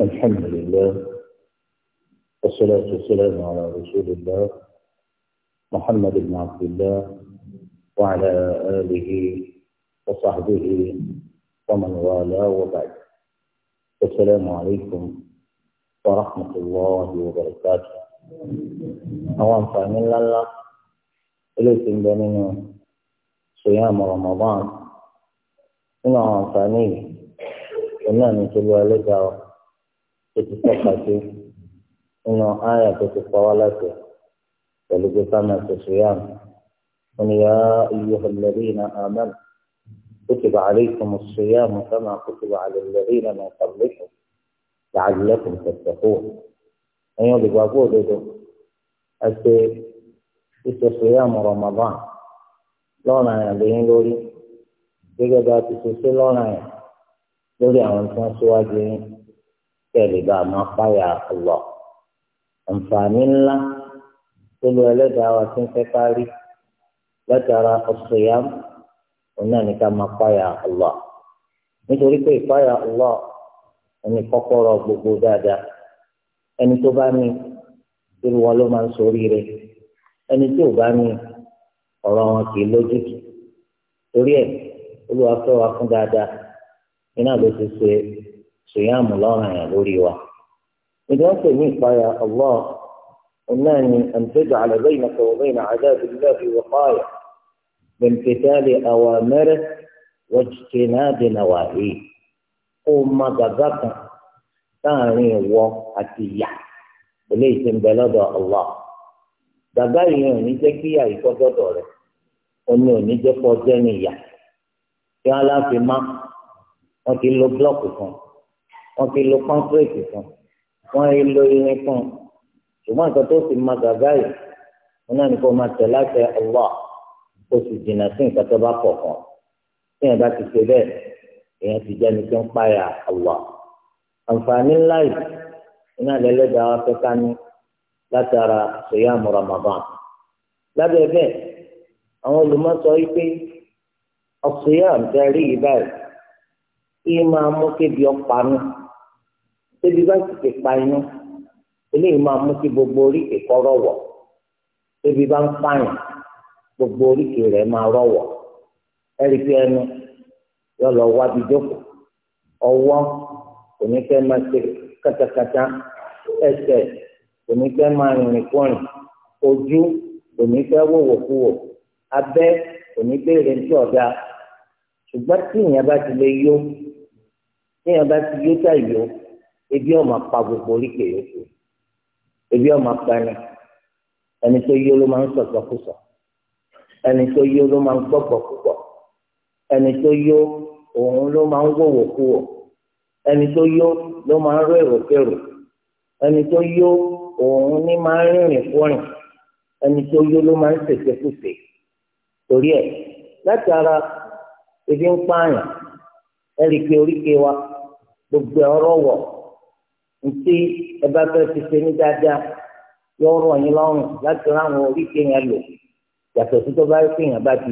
الحمد لله والصلاة والسلام على رسول الله محمد بن عبد الله وعلى آله وصحبه ومن والاه وبعد السلام عليكم ورحمة الله وبركاته أوان فاهمين لله إليكم بنينا صيام رمضان إنه أوان فاهمين إنه نتبع لك tó sọ pa sí nínú àyà tó ti pa wá láti pẹ̀lú pé sáma máa sọ yá mi. wọ́n ní yá yá mu sáma kó ti bàa lè lẹ́rì iná mọ̀ tàbí lẹ́kọ̀ọ́ yàá lẹ́kọ̀ọ́ tẹ̀tẹ̀ fún wa ẹ̀yin olùgbà kó o lè do àti ìsọ sọ yá mu rọmọbán lọ́nà yẹn lè yín lórí gẹ́gẹ́ bá ti lọ́nà yẹn lórí ayyuha alladhina amanu kutiba alaykumu as ina kama kutiba lekoo alladhina lekoo qablikum fun tattaqun. ẹ̀yin olùgbàgbọ́ òdodo àti so yá mu Ramadan lọ́ràn àyàn lẹ́yìn lórí gẹ́gẹ́ bá ti so sí lona àyàn lórí àwọn tí wọ́n ti síwájú yín. kẹ́lẹ̀ bá a máa páyà lọ. àǹfààní ńlá tó lu ẹlẹ́dàá wa ti ń fẹ́ kárí látara ọ̀sọ̀yàm òun náà ní ká máa páyà lọ. nítorí pé ìpáyà lọ ẹni kọ́kọ́rọ́ gbogbo dáadáa ẹni tó bá ní irú wọn ló máa ń ṣoríire ẹni tí ò bá ní ọ̀rọ̀ wọn kì í lójútùú torí ẹ̀ olúwa fẹ́ wa fún dáadáa iná ló ti ṣe sùyàmù lọ́rùn yẹn lórí wa ìdáhùn ní ìpayà allah onáni àǹtẹ̀jọ àlàbẹ́ ìnàkọ̀wé ìnà àdáàbí lábí wọ́páyà bẹ̀m̀pẹ̀tàlẹ̀ àwàmẹ́rẹ́ wọ́jìtìnádì nàwàhí kó má gàgà kan láàrin ìwọ àti ìyà eléyìí ti ń bẹ lọ́dọ̀ allah gàgà yìí ò ní jẹ́ kí ìyà ìkọ́dọ̀dọ̀ rẹ̀ ó ní ò ní jẹ́ kó jẹ́ ní ìyà kí wọ́n láfi má wọ́n ti lo blọ́ọ̀kì kan wọ́n ti lo kọ́ńtírẹ́tì fún wọ́n ti lo irin fún ṣùgbọ́n nǹkan tó sì máa gàgá yìí wọn náà ní kó máa tẹ̀ láti ọwọ́ kó sì jìnnà sí nǹkan tó bá pọ̀ kan tí èèyàn bá ti ṣe bẹ́ẹ̀ èèyàn ti jẹ́ ní tó ń páyà ọwọ́ àǹfààní ńlá yìí iná lẹ́lẹ́dàá wa fẹ́ ká ní látara ṣèyàmù Ramadan lábẹ́ bẹ́ẹ̀ àwọn olùmọ̀sọ yìí pé ọ̀ṣèyàmù tẹ́ rí yìí báyìí kí máa mú kébi ọ̀pá nù tẹ́bi bá ti pa inú eléyìí máa mú kí gbogbo oríkèé kọ́ rọ̀wọ̀ tẹ́bi bá ń pààyàn gbogbo oríkèé rẹ̀ máa rọ̀wọ̀ ẹ̀rí pé ẹnu yọ lọ wá bí jókòó ọwọ́ oníkẹ́ máa ṣe kátàkátà ẹsẹ̀ oníkẹ́ máa rìnrìn kúrìn ojú oníkẹ́ wòwòkúwò abẹ́ oníkẹ́ ìrètí ọ̀dà ṣùgbọ́n tí ìyẹn bá ti lè yó téèyàn bá ti yó tà yó ebi ọmọ pa gbogbo oríkèé yòókù ebi ọmọ pa ni ẹni tó yó ló máa ń sọ̀tọ̀ kùsọ̀ ẹni tó yó ló máa ń gbọ́gbọ̀ púpọ̀ ẹni tó yó òun ló máa ń wòwò kúwò ẹni tó yó ló máa ń rọ èròkèrò ẹni tó yó òun ní máa ń rìnrìn fúnrìn ẹni tó yó ló máa ń ṣèṣekúṣe torí ẹ láti ara ebi ń pààyàn ẹ rí i pé wa. gbogbo ọrọ wọ ntí ẹ bá fẹ́ fi ṣe ní dáadáa yóò rọ̀ yín láti ráwọn oríkèé yẹn lò sí tó bá rí pé bá ti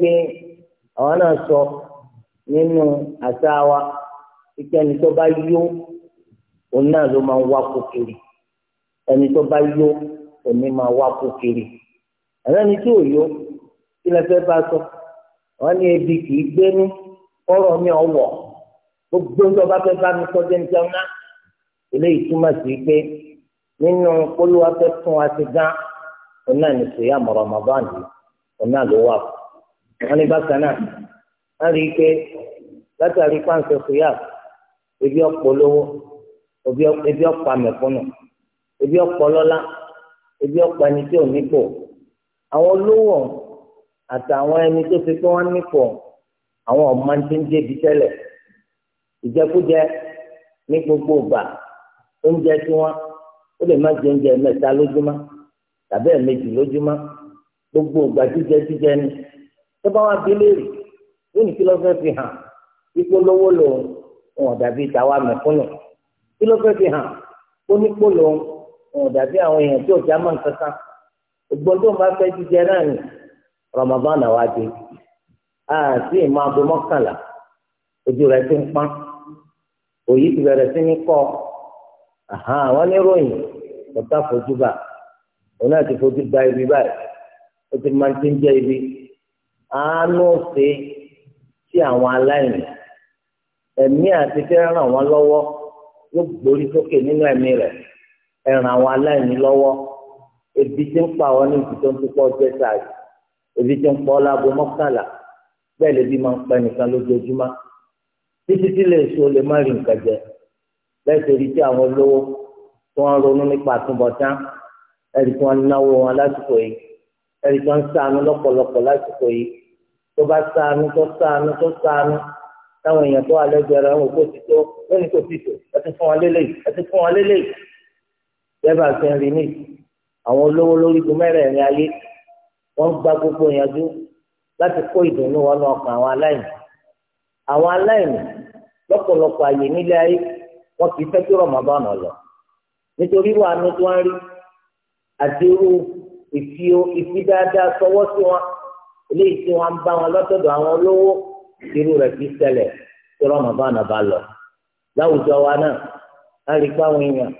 pé àwọn náà sọ nínú àṣà wa pípẹ́ ẹni tó bá yó òun náà ló máa ń wá kó kiri ẹni tó bá yó òní máa wá sọ ní ebi kì í gbénú kọ́rọ̀ mi gbogbo ń tọ́ba fẹ́ bá mi kọjá ní jẹun náà eléyìí túmọ̀ sí pé nínú polówó fẹ́ tún wa ti gán òun náà ní sèyá mọ̀rọ̀ Ramadan yìí òun náà ló wà fún wọn ní bákan náà wọn rí i pé látàrí pàǹsẹ sèyá ebi ọ̀pọ̀ lówó ebi ọ̀pọ̀ amẹ̀kúnnù ebi ọ̀pọ̀ lọ́lá ebi ọ̀pọ̀ ẹni tí ò nípò àwọn olówó àtàwọn ẹni tó fi pé wọ́n nípò àwọn ọmọ ìjẹkújẹ ní gbogbo ìgbà oúnjẹ tí wọn ó lè má jẹ oúnjẹ mẹ́ta lójúmọ́ tàbí ẹ̀ẹ̀mejì lójúmọ́ gbogbo ìgbà jíjẹ jíjẹ ni tó bá wà bí léèrè lónìí kí ló fẹ́ fi hàn ipò lówó lòun wọn dàbí tàwa mẹ̀kúnnù kí ló fẹ́ fi hàn ó nípò lòun wọn dàbí àwọn èèyàn tí ò já mọ́ nǹkan kan tó ń bá fẹ́ jíjẹ náà ni Ramadan àwa dé àti ìmọ̀ abo ojú rẹ̀ ti ń pọ́n òyì ti bẹ̀rẹ̀ sí ní kọ́ àwọn oníròyìn ọ̀tá fojú bá òun náà ti fojú gba ibi báyìí ó ti máa ti ń jẹ́ ibi àánú ṣe sí àwọn aláìní ẹ̀mí àti fẹ́ ràn wọ́n lọ́wọ́ ló gbórí sókè nínú ẹ̀mí rẹ̀ ẹ ràn àwọn aláìní lọ́wọ́ ebi ti ń pa wọn ní ìtìtọ́ tó pọ̀ jẹ́ sáà ebi ti ń pọ̀ láago mọ́kànlá bẹ́ẹ̀ lè bí máa ń pẹ́ nìkan lójoojúmọ́ títí tí lè so lè má rí nǹkan jẹ lẹsẹ rí tí àwọn olówó tí wọn ronú nípa àtúbọ̀tán ẹrí tí wọn náwó wọn lásìkò yìí ẹrí tí wọn ṣàánú lọ́pọ̀lọpọ̀ lásìkò yìí tó bá ṣàánú tó ṣàánú tó ṣàánú táwọn èèyàn tó alẹ́ jẹrẹ wọn kò ti tó lónìí kò ti tó ẹ ti fún wọn lélẹyìí ẹ ti fún wọn lélẹyìí bẹ́ẹ̀ ṣe ń rí ní àwọn olówó lórí ju mẹ́rẹ̀ẹ̀rin ayé wọ́n gba gbogbo ìyànjú láti kó ìdùnnú wọnú ọkàn àwọn aláìní àwọn aláìní lọ́pọ̀lọpọ̀ àyè nílé ayé wọn kì í fẹ́ kí Ramadan lọ nítorí wà ní tí wọ́n rí àti irú ìfi dáadáa sọwọ́ sí wọn eléyìí tí wọ́n ń bá wọn lọ́tọ̀dọ̀ àwọn olówó irú rẹ̀ kì í ṣẹlẹ̀ tí Ramadan bá lọ láwùjọ wa náà á rí pé àwọn èèyàn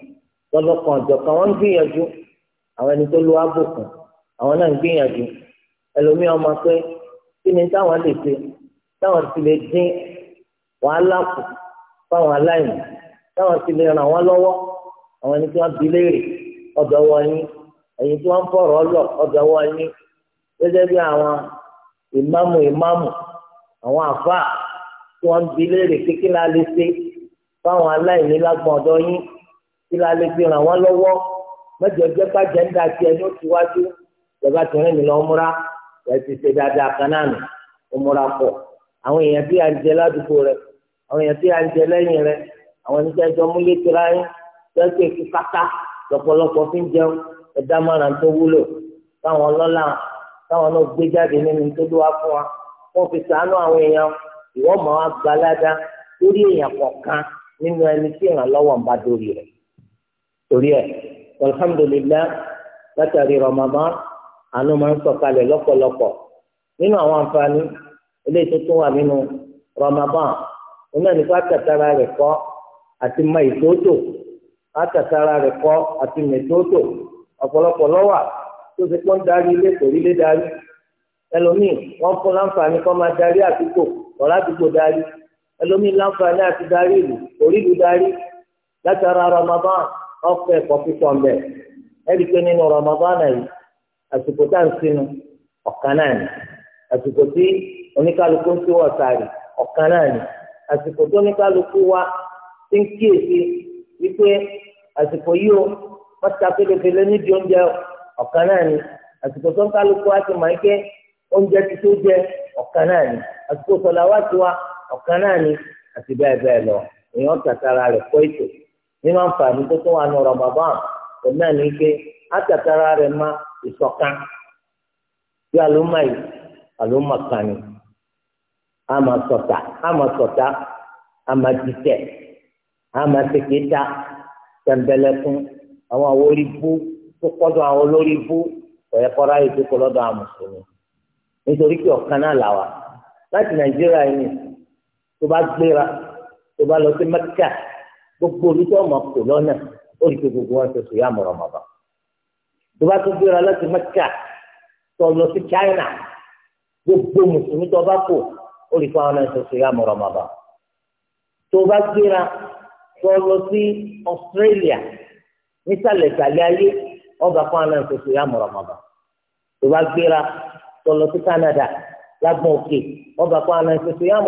lọ́lọ́kan ọ̀jọ̀kan wọ́n ń gbìyànjú àwọn ẹni tó lo abòkùn àwọn náà ń gbìyànjú ẹlòmíràn máa pé kí ni táwọn lè ṣe táwọn ti lè dín wàhálà kù fáwọn aláìní táwọn ti lè ràn wọ́n lọ́wọ́ àwọn ẹni tí wọ́n bi léèrè ọ̀dọ̀ wọn yín ẹ̀yin tí wọ́n ń fọ̀rọ̀ lọ ọ̀dọ̀ wọn yín gẹ́gẹ́ bí àwọn ìmáàmù ìmáàmù àwọn àfáà tí wọ́n ń bi léèrè pé kí la lè ṣe fáwọn aláìní lágbọ̀n ọ̀dọ̀ yín kí la lè fi ràn wọ́n lọ́wọ́ mẹ́jọ jẹ́ bàjẹ́ ń dà sí ẹni ó ti wájú ìjọba ti rìn mí lọ múra ẹ̀ ti ṣe dáadáa kan náà nù ó múra àwọn èèyàn bí àjẹ ládùúgbò rẹ̀ àwọn èèyàn tí a ń jẹ lẹ́yìn rẹ àwọn ẹni tí a jọ múlé tura yín lọ́sẹ̀ kí pátá lọ́pọ̀lọpọ̀ fi ń jẹun ẹ̀dá márùn tó wúlò táwọn ọlọ́lá táwọn náà gbé jáde nínú tó ló wá fún wa wọ́n fi sàánú àwọn èèyàn ìwọ́ mọ̀ wá gbalada lórí èèyàn kọ̀ọ̀kan nínú ẹni tí ìrànlọ́wọ́ ń bá dórí rẹ̀ torí ẹ̀ alhamdulillah látàrí Ramadan àánú máa ń sọ̀kalẹ̀ lọ́pọ̀lọpọ̀ nínú àwọn àǹfààní eléyìí tó tún wà nínú Ramadan òun náà ní kó àtàtàrà rẹ̀ kọ́ àti mọ ìtótò àtàtàrà rẹ̀ kọ́ àti mọ ìtótò ọ̀pọ̀lọpọ̀ lọ́wà tó ti pọ́n darí ilé torí lé darí ẹlòmíì wọ́n fún láǹfààní kọ́ máa darí àdúgbò ọ̀rá àdúgbò darí ẹlòmíì láǹfààní àti darí ìlú orí ìlú darí látara Ramadan ọkọ ẹ̀kọ́ pípọ̀ ń bẹ̀ ẹ̀rí pé nínú Ramadan yìí àsìkò tá à ń sinú ọ̀kan náà ni àsìkò tí oníkálukú ń sí wọ̀ sáré ọ̀kan náà ni àsìkò tó ní kálukú wa ti ń kíyèsí wípé àsìkò yìí o wọ́n ta pélépélé nídìí oúnjẹ ọ̀kan náà ni àsìkò tó ń kálukú wa ti mọ̀ ike oúnjẹ ti tó jẹ ọ̀kan náà ni àsìkò sọ̀lá wa ti wa ọ̀kan náà ni àti bẹ́ẹ̀ bẹ́ẹ̀ lọ èèyàn tàtàrà rẹ̀ kọ́ ètò nínú àǹfààní tó tún wà ní Ramadan kò náà ní àlùmọ̀ kan ni ama sọ̀tà ama sọ̀tà ama dìtẹ̀ ama seketa tẹ̀mbẹ̀lẹ̀kún àwọn àwọn olùbú tó kọ́dọ̀ àwọn olórìbú ọ̀yẹ́ kọ́ra yìí tó kọ́ lọ́dọ̀ àwọn mùsùlùmí nítorí pé ọ̀kan náà là wà láti nàìjíríà yìí tó bá gbéra tó bá lọ sí mẹ́kà gbogbo olùtọ́ ọmọ kò lọ́nà ó lè gbogbo wọn ṣe sùn yá mọ̀rọ̀ mọ̀bà tó bá tó gbéra láti mẹ́kà tó lọ sí China gbogbo mùsùlùmí tó bá kò ó lè fún àwọn náà ṣoṣo yá mọ̀rọ̀ màbà tó bá gbéra tó lọ sí Australia nísàlẹ̀ ìsàlẹ̀ ayé ọba fún àwọn náà ṣoṣo yá mọ̀rọ̀ màbà tó bá gbéra tó lọ sí Canada lágbọn òkè ọba fún àwọn náà ṣoṣo yá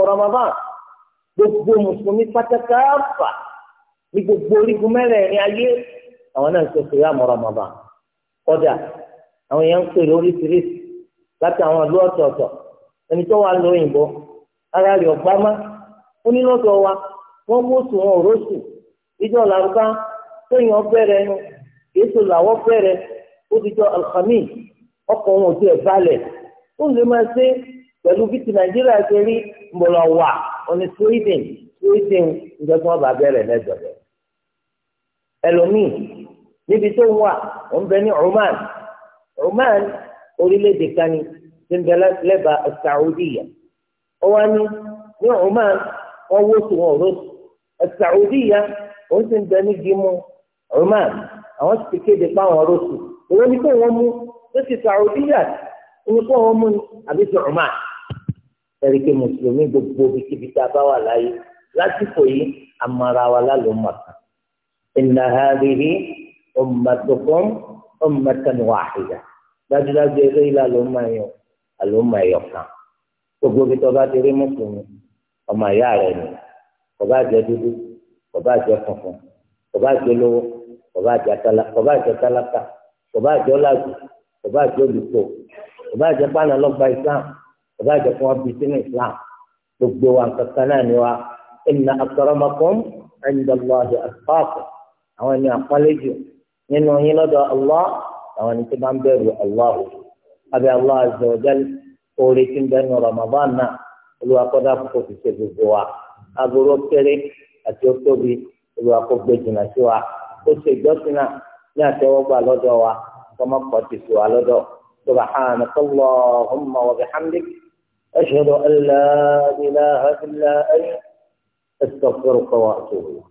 gbogbo mùsùlùmí pátákáfà ní gbogbo orígun mẹ́rẹ̀ẹ̀rin ayé àwọn náà ṣoṣo yá kọjá àwọn èèyàn ń pè lóríṣiríṣi láti àwọn ìlú ọ̀tọ̀ọ̀tọ̀ ẹni tó wà lọ òyìnbó ara rẹ̀ ọ̀gbá má ó ní wa wọ́n mú oṣù wọn òróṣù ìjọ làrúbá tóyìn ọbẹ̀rẹ̀ ó ti jọ wọn ò ó lè máa ṣe bí ti nàìjíríà ṣe rí wà sweden sweden ìjọ tí wọ́n bá bẹ̀rẹ̀ lẹ́dọ̀dọ̀ ẹlòmíì níbi tó wà ó ń bẹ ní Oman Oman orílẹ̀ kan ni tí ń bẹ lẹ́bàá Saudiya ó wá ní ní Oman wọ́n wó sí wọn òró Saudiya òun ti ń bẹ ní gímú Oman àwọn sì ti kéde pa àwọn rótù òun ni kó wọ́n mú tó ti Saudiya ni kó wọ́n mú àbí ti Oman ẹ̀rí pé mùsùlùmí gbogbo ibikíbi tá a bá wà láyé lásìkò yìí amara wa lálọ́ màkà inna hadhihi ummatukum ummatan wahida dájúdájú eré ìlànà ọmọ yẹn àlùmọ̀ ẹ̀yọ̀kan gbogbo bí tọ́ bá ti rí mùsùlùmí ọmọ ìyá rẹ̀ ni kò bá jẹ́ dúdú kò bá jẹ́ funfun kò bá jẹ́ lówó kò bá jẹ́ tálákà kò bá jẹ́ ọ̀làjù kò bá jẹ́ olùkọ́ kò bá jẹ́ pààlà lọ́gba islam kò bá jẹ́ fún wọn bí islam gbogbo wa kankan náà ni wa inna akramakum inda Allahi àwọn ẹni àpọ́nlẹ́jù nínú yín lọ́dọ̀ Allah àwọn ẹni tí bá ń bẹ̀rù Allah òkú abẹ́ Allah azza wa jal oore tí ń bẹ ní Ramadan náà olúwa kọ́dá kò ti ṣe gbogbo wa agbóró kéré àti ótóbi olúwa kó gbé jìnnà sí wa ó ṣe ìjọsìn náà ní àtẹ́wọ́gbà lọ́dọ̀ wa kọ́mọ́kọ́ ti sì wà lọ́dọ̀ سبحانك اللهم وبحمدك أشهد أن لا إله إلا أنت أستغفرك وأتوب إليك